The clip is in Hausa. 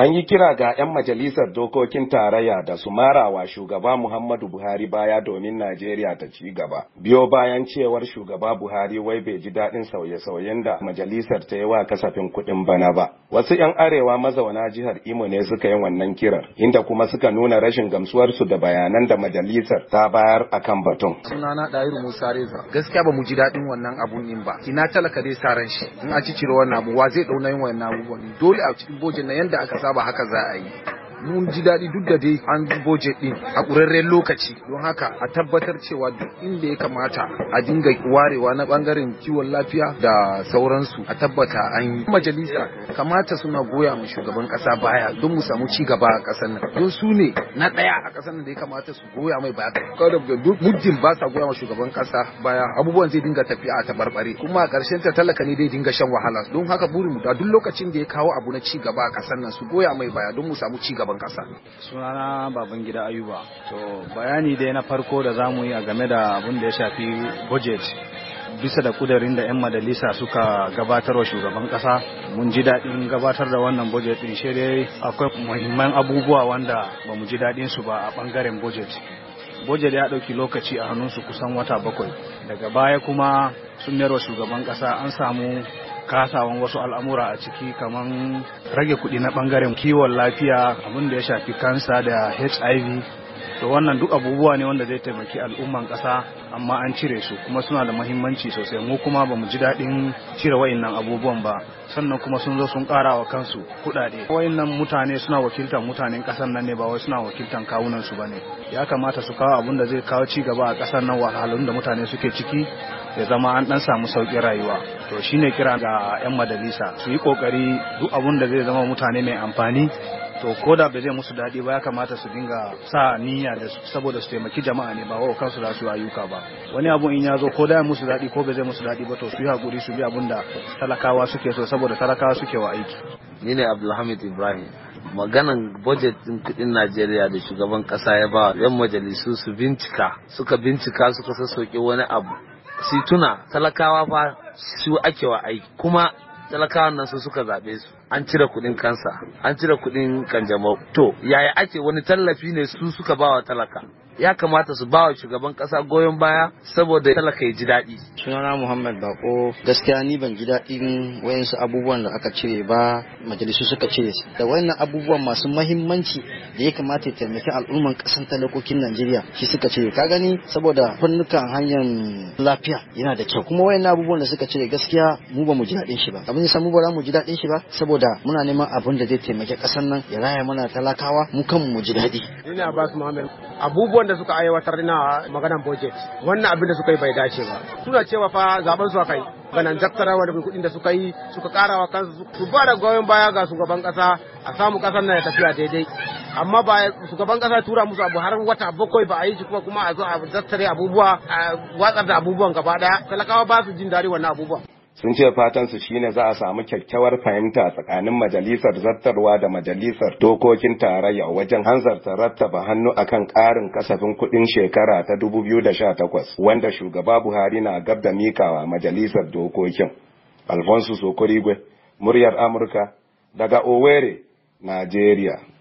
An yi kira ga 'yan majalisar dokokin tarayya da su marawa shugaba Muhammadu Buhari baya domin Najeriya ta ci gaba. Biyo bayan cewar shugaba Buhari wai bai ji daɗin sauye-sauyen da majalisar ta yi wa kasafin kuɗin bana ba. Wasu 'yan arewa mazauna jihar Imo ne suka yi wannan kirar, inda kuma suka nuna rashin gamsuwarsu da bayanan da majalisar ta bayar a kan batun. Sunana Ɗahiru Musa Reza, gaskiya ba mu ji daɗin wannan abun ɗin ba. Ina talaka dai sa ran shi, in a ci ciro wannan abu, wa zai na yin wannan abubuwan? Dole a cikin bojin na yadda aka sa saba haka za a yi mun ji daɗi duk da dai an budget din a ƙurarren lokaci don haka a tabbatar cewa duk inda ya kamata a dinga warewa na bangaren kiwon lafiya da sauransu a tabbata an yi majalisa kamata suna goya mu shugaban ƙasa baya don mu samu ci gaba a ƙasar nan don su ne na ɗaya a ƙasar nan da ya kamata su goya mai baya duk muddin ba sa goya ma shugaban kasa baya abubuwan zai dinga tafiya a tabarbare kuma a ƙarshen ta talaka ne dai dinga shan wahala don haka burin mu da duk lokacin da ya kawo abu na ci gaba a ƙasar nan su goya mai baya don mu samu ci gaba shugaban kasa sunana baban gida ayuba to bayani dai na farko da zamu yi a game da abin da ya shafi budget bisa da kudarin da 'yan majalisa suka gabatarwa shugaban kasa mun ji daɗin gabatar da wannan budget din shi dai akwai muhimman abubuwa wanda ba mu ji daɗin su ba a ɓangaren budget budget ya ɗauki lokaci a hannunsu kusan wata bakwai daga baya kuma sun yarwa shugaban kasa an samu kasawan wasu al'amura a ciki kamar rage kuɗi na ɓangaren kiwon lafiya abin da ya shafi kansa da hiv to wannan duk abubuwa ne wanda zai taimaki al'umman ƙasa amma an cire su kuma suna da mahimmanci sosai mu kuma bamu ji daɗin cire wa'innan abubuwan ba sannan kuma sun zo sun ƙara wa kansu kuɗaɗe wa'innan mutane suna wakiltar mutanen ƙasar nan ne ba wai suna wakiltar kawunan su bane ya kamata su kawo abun da zai kawo ci gaba a ƙasar nan wahalhalun da mutane suke ciki ya zama an ɗan samu sauƙin rayuwa to shine kira ga 'yan majalisa su yi kokari duk abun da zai zama mutane mai amfani to ko da ba zai musu daɗi ba ya kamata su dinga sa niyya da saboda su taimaki jama'a ne ba wa kansu da su ayyuka ba wani abu in ya zo ko da ya musu daɗi ko ba zai musu daɗi ba to su yi hakuri su bi abun da talakawa suke so saboda talakawa suke wa aiki ni ne abdulhamid ibrahim maganan budget din kudin najeriya da shugaban kasa ya ba yan majalisu su bincika suka bincika suka sassauke wani abu Situna talakawa fa su ake wa aiki kuma talakawan nan su suka zaɓe su an cire kuɗin kansa an cire kuɗin kanjamau to yaya ake wani tallafi ne su suka bawa talaka ya kamata su ba wa shugaban kasa goyon baya saboda talaka ya ji daɗi. sunana muhammad bako gaskiya ni ban ji daɗin wayansu abubuwan da aka cire ba majalisu suka cire su da wayannan abubuwan masu mahimmanci da ya kamata ya taimaki al'umman kasan talakokin najeriya shi suka cire ka gani saboda fannukan hanyar lafiya yana da kyau kuma wayannan abubuwan da suka cire gaskiya mu ba mu ji daɗin shi ba abin da mu ba za mu ji daɗin shi ba saboda muna neman abin da zai taimaki kasan nan ya raya mana talakawa mu kan mu ji daɗi. ina ba su abubuwan da suka aiwatar na maganan budget wannan abin da suka yi bai dace ba suna cewa fa zaben su kai ganan jaktarawa wani kuɗin da suka yi suka karawa kansu su ba da goyon baya ga shugaban kasa a samu kasar na ya tafiya daidai amma ba shugaban kasa tura musu abu har wata bakwai ba a yi shi kuma kuma a zo a zattare abubuwa a watsar da abubuwan gaba daya talakawa ba su jin dadi wannan abubuwan sun ce fatansu shine za a samu kyakkyawar fahimta tsakanin majalisar zartarwa da majalisar dokokin tarayya wajen hanzarta rattaba hannu akan ƙarin kasafin kuɗin shekara ta 2018 wanda shugaba Buhari na gab da mikawa majalisar dokokin. Alfonso Sokorigwe, muryar Amurka, daga Owerri, Najeriya.